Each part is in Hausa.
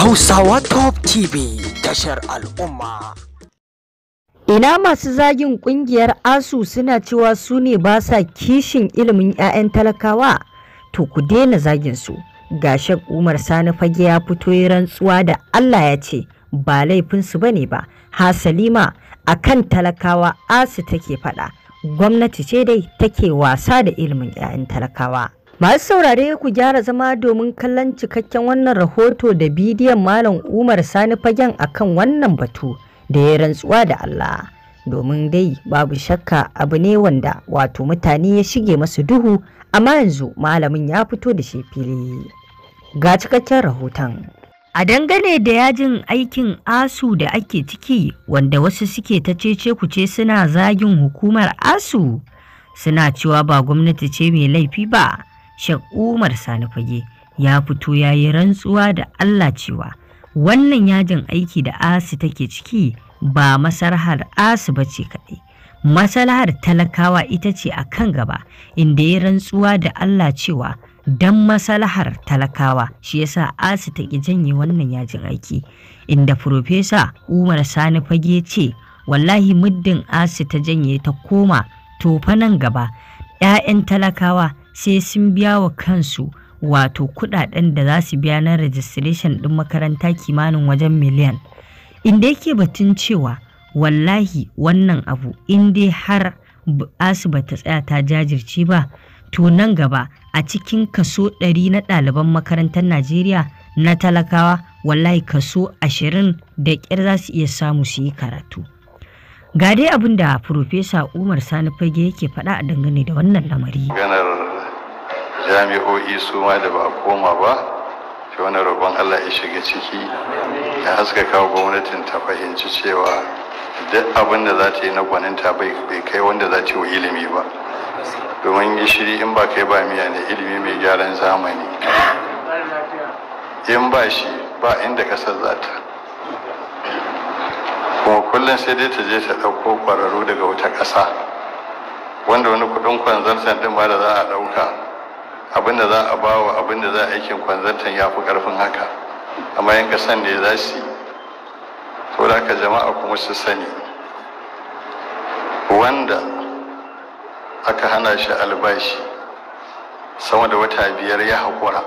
Hausawa Top TV tashar al'umma. Ina masu zagin kungiyar ASU suna cewa su ne ba sa kishin ilimin 'ya'yan talakawa to ku daina zagin su. Gashek Umar Sani fage ya fito yi rantsuwa da Allah ya ce ba laifinsu ba bane ba. Hasalima a kan talakawa ASU take faɗa. Gwamnati ce dai take wasa da ilimin 'ya'yan talakawa. Masu saurare ku gyara zama domin kallon cikakken wannan rahoto da bidiyon Malam Umar Sani Fagen akan wannan batu da ya rantsuwa da Allah. Domin dai babu shakka abu ne wanda wato mutane ya shige masu duhu amma yanzu malamin ya fito da shi fili. Ga cikakken rahoton. A dangane da yajin aikin ASU da ake ciki wanda wasu suke ta cece kuce suna zagin hukumar ASU suna cewa ba gwamnati ce mai laifi ba. Shek Umar Sani Fage ya fito ya yi rantsuwa da Allah cewa wannan yajin aiki da asi take ciki ba masarhar Asi ba ce kaɗai masalahar talakawa ita ce a kan gaba inda ya rantsuwa da Allah cewa don masalahar talakawa shi yasa asu ta ƙi janye wannan yajin aiki inda Furofesa Umar Sani fage ce wallahi muddin Asi ta janye ta koma to nan gaba 'ya'yan talakawa sai sun biya wa kansu wato kudaden da za su biya na registration ɗin makaranta kimanin wajen miliyan inda yake batun cewa wallahi wannan abu in dai har asu ba ta tsaya ta jajirce ba to nan gaba a cikin kaso 100 na ɗaliban makarantar najeriya na talakawa wallahi kaso ashirin da ƙyar za su iya samu su yi karatu ga dai abin da Profesa Umar Sani Fage yake faɗa a dangane da wannan lamari. jami'o'i su ma da ba a koma ba ta wani roƙon Allah ya shiga ciki ya kawo gwamnatin ta fahimci cewa duk abin da za ta yi na gwaninta bai kai wanda za ta yi wa ilimi ba domin shiri in ba kai ba miya ne ilimi mai gyaran zamani in ba shi ba inda kasar za ta kuma kullum sai dai ta je ta ɗauko kwararru daga wata ƙasa wanda wani kuɗin kwanzarsan ɗin ba da za a ɗauka abinda za a ba bawa abinda za a aikin kwanzantan ya fi karfin haka amma yan kasan da za su to da ka jama'a kuma su sani wanda aka hana shi albashi sama da wata biyar ya haƙura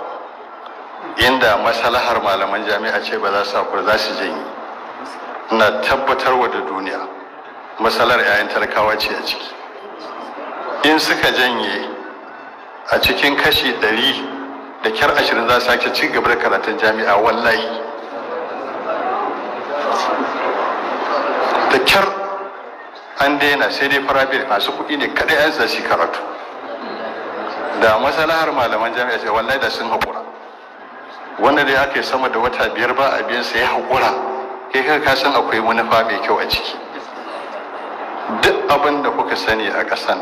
inda masalahar malaman jami'a ce ba za su haƙura za su janye na wa da duniya masalar 'ya'yan talakawa ce a ciki in suka janye a cikin kashi ɗari da kyar ashirin za su sake ci gaba da karatun jami'a wallahi da kyar an daina sai dai farabiyar masu kuɗi ne kaɗai an za karatu da masalahar malaman jami'a ce wallahi da sun haƙura wanda dai aka yi sama da wata biyar ba a biyan sai ya haƙura kai ka san akwai manufa mai kyau a ciki duk abin da kuka sani a ƙasan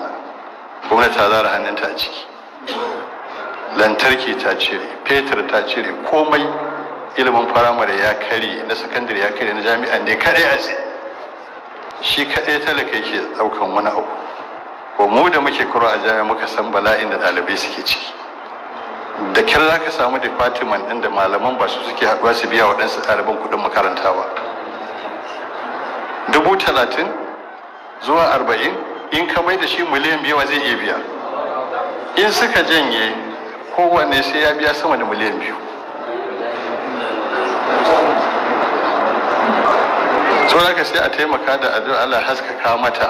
gwamnati ta zara hannunta a ciki lantarki ta cire fetur ta cire komai ilimin firamare ya kare na sakandare ya kare na jami'a ne kadai a shi kadai talaka yake ɗaukan wani abu ko mu da muke kura a jami'a muka san bala'in da ɗalibai suke ciki da kyar za ka samu department ɗin da malaman ba su suke haɗuwa su biya waɗansu ɗaliban kuɗin makaranta ba dubu talatin zuwa arba'in in ka mai da shi miliyan biyawa zai iya biya in suka janye kowanne sai ya biya sama da miliyan biyu saboda sai a taimaka da addu'a Allah haskaka mata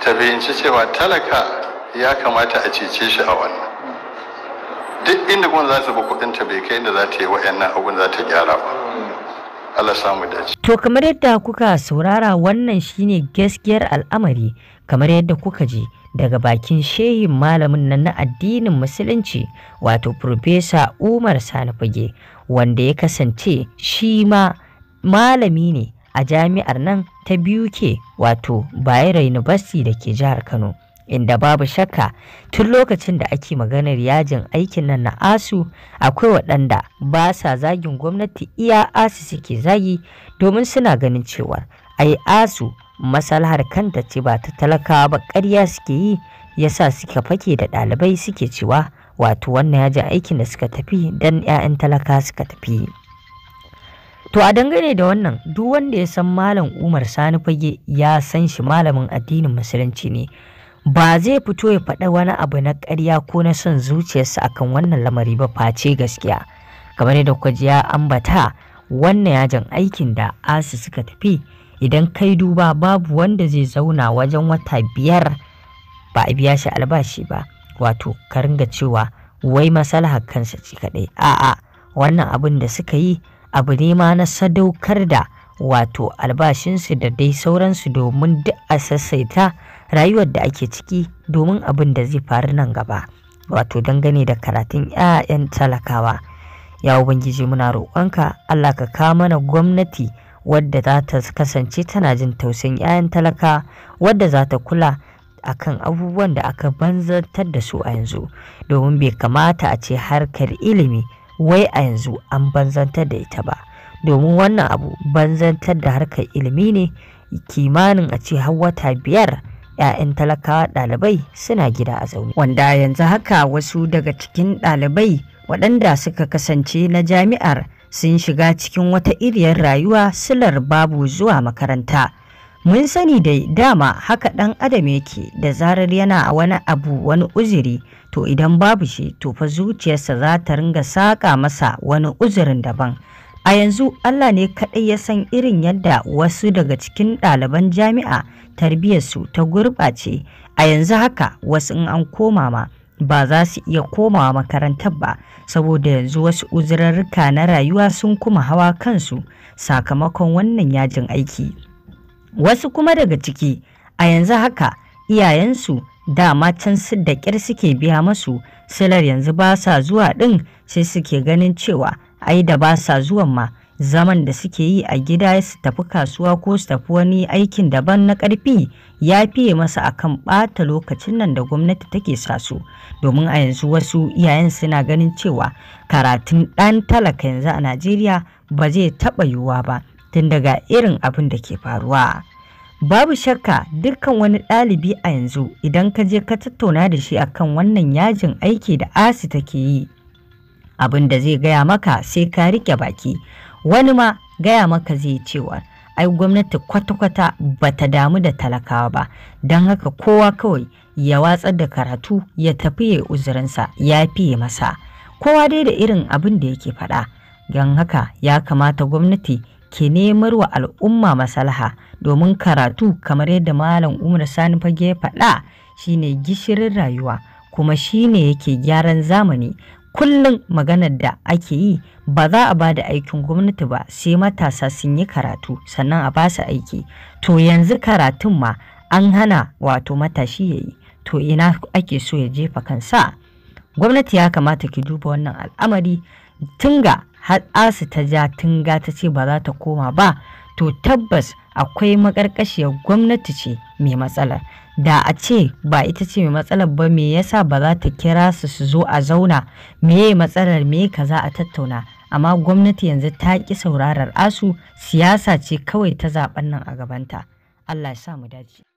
ta fahimci cewa talaka ya kamata a cece shi a wannan duk inda kuma za su bi kuɗinta bai kai inda za ta yi wa'annan abin za ta gyara ba Allah samu dace. To kamar yadda kuka saurara wannan shine gaskiyar al'amari kamar yadda kuka ji daga bakin shehin malamin nan na addinin musulunci wato Profesa Umar Sani wanda ya kasance shi ma malami ne a jami'ar nan ta Buk ke wato Bayero University da ke jihar Kano. inda babu shakka tun lokacin da ake maganar yajin aikin nan na asu akwai waɗanda ba sa zagin gwamnati iya asu suke zagi domin suna ganin cewa ai asu masalhar kanta ce ba ta talakawa ba karya suke yi yasa suka fake da ɗalibai suke cewa wato wannan yajin aikin da suka tafi don 'ya'yan talaka suka tafi To a dangane da wannan duk wanda ya san Malam Umar Sani Fage ya san shi malamin addinin Musulunci ne. ba zai fito ya faɗa wani abu na ƙarya ko na son zuciyarsa akan wannan lamari ba face gaskiya kamar yadda kuka ji ya ambata wannan yajin aikin da asu suka tafi idan kai duba babu wanda zai zauna wajen wata biyar ba a biya shi albashi ba wato ka ringa cewa wai masalahar kansa ce kaɗai a'a wannan abin da suka yi abu ne ma na sadaukar da wato albashinsu da dai sauransu domin duk a sassaita rayuwar da ake ciki domin abin da zai faru nan gaba wato dangane da karatun 'ya'yan talakawa ya ubangiji muna roƙonka allah ka kawo mana gwamnati wadda za ta kasance tana jin tausayin 'ya'yan talaka wadda za ta kula akan abubuwan da aka banzantar da su a yanzu domin bai kamata a ce harkar ilimi wai a yanzu an banzantar da ita ba domin wannan abu banzantar da harkar ilimi ne kimanin a ce har wata biyar 'ya'yan talakawa ɗalibai suna gida a zaune wanda yanzu haka wasu daga cikin ɗalibai waɗanda suka kasance na jami'ar sun shiga cikin wata iriyar rayuwa silar babu zuwa makaranta mun sani da dama haka ɗan adam yake da zarar yana a wani abu wani uzuri to idan babu shi to fa zuciyarsa za ta ringa saƙa masa wani uzurin daban A yanzu Allah ne kaɗai ya san irin yadda wasu daga cikin ɗaliban jami'a tarbiyyarsu ta gurɓace, a yanzu haka wasu in an koma ma ba za su iya komawa makarantar ba saboda yanzu wasu uzurarruka na rayuwa sun kuma hawa kansu sakamakon wannan yajin aiki. Wasu kuma daga ciki a yanzu haka iyayensu dama can su da ƙyar suke biya masu silar yanzu ba sa zuwa ɗin sai suke ganin cewa ai da ba sa zuwan ma zaman da suke yi a gida su tafi kasuwa ko su tafi wani aikin daban na ƙarfi ya fiye masa akan ɓata lokacin nan da gwamnati take sa su domin a yanzu wasu iyayen suna ganin cewa karatun ɗan talaka yanzu a najeriya ba zai taɓa yiwuwa ba tun daga irin abin da ke faruwa babu shakka dukkan wani ɗalibi a yanzu idan ka je ka tattauna da shi akan wannan yajin aiki da asi take yi abin da zai gaya maka sai ka rike baki wani ma gaya maka zai cewa ai gwamnati kwata-kwata ba ta damu da talakawa ba don haka kowa kawai ya watsar da karatu ya tafi ya uzurinsa ya fiye masa kowa dai da irin abin da yake faɗa don haka ya kamata gwamnati ke nemar wa al'umma masalaha domin karatu kamar yadda malam umar sani fage faɗa shine gishirin rayuwa kuma shine yake gyaran zamani kullum maganar da ake yi ba za a ba da aikin gwamnati ba sai matasa sun yi karatu sannan a basu aiki to yanzu karatun ma an hana wato matashi ya yi to ina ake so ya jefa kansa gwamnati ya kamata ki duba wannan al'amari tunga har asu ta ja tunga ta ce ba za ta koma ba to tabbas akwai makarkashiyar gwamnati ce mai matsalar da a ce ba ita ce mai matsalar ba me yasa ba za ta kira su su zo a zauna meye matsalar me za a tattauna amma gwamnati yanzu ta ƙi saurarar asu siyasa ce kawai ta zaɓen nan a gabanta Allah ya sa mu dace